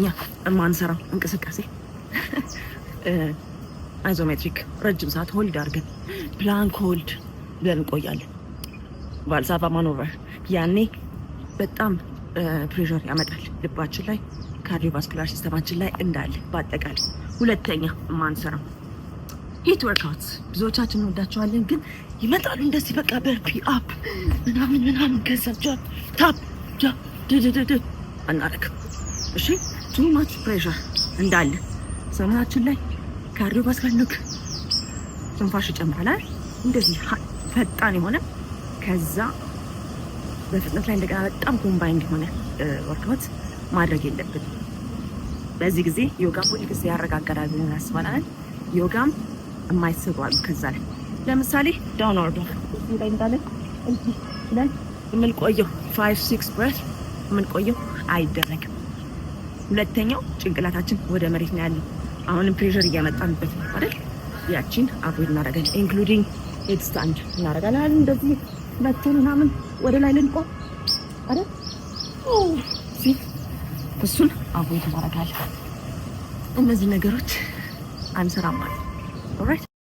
እኛ የማንሰራው እንቅስቃሴ አይዞሜትሪክ ረጅም ሰዓት ሆልድ አድርገን ፕላንክ ሆልድ ብለን እንቆያለን። ቫልሳቫ ማኖቨር ያኔ በጣም ፕሬር ያመጣል ልባችን ላይ ካርዲዮቫስኩላር ሲስተማችን ላይ እንዳለ በአጠቃላይ። ሁለተኛ የማንሰራው ሂት ወርክአውት ብዙዎቻችን እንወዳቸዋለን፣ ግን ይመጣሉ እንደዚህ በቃ በርፒ አፕ ምናምን ምናምን ገንዘብ ጃ ታፕ ድድድድ አናረግም። እሺ ቱ ማች ፕሬሸር እንዳለ ሰውነታችን ላይ ካርዲዮ ልክ ትንፋሽ ይጨምራል። እንደዚህ ፈጣን የሆነ ከዛ በፍጥነት ላይ እንደገና በጣም ኮምባይንድ የሆነ ወርክአውት ማድረግ የለብን። በዚህ ጊዜ ዮጋ ሁል ጊዜ ያረጋጋል ብለን ያስባላል። ዮጋም የማይሰሩ አሉ። ከዛ ላይ ለምሳሌ ዳውን ኦርደር እንዳለን ብለን የምንቆየው ፋይቭ ሲክስ ብረት የምንቆየው አይደረግም። ሁለተኛው ጭንቅላታችን ወደ መሬት ነው ያለው። አሁንም ፕሬሸር እያመጣንበት ነው አይደል? ያቺን አቮይድ እናደርጋለን። ኢንክሉዲንግ ሄድ ስታንድ እናደርጋለን። እንደዚህ ሁለቱን ምናምን ወደ ላይ ልንቆ አይደል? እሱን አቮይድ እናደርጋለን። እነዚህ ነገሮች አንሰራም ማለት ኦልራይት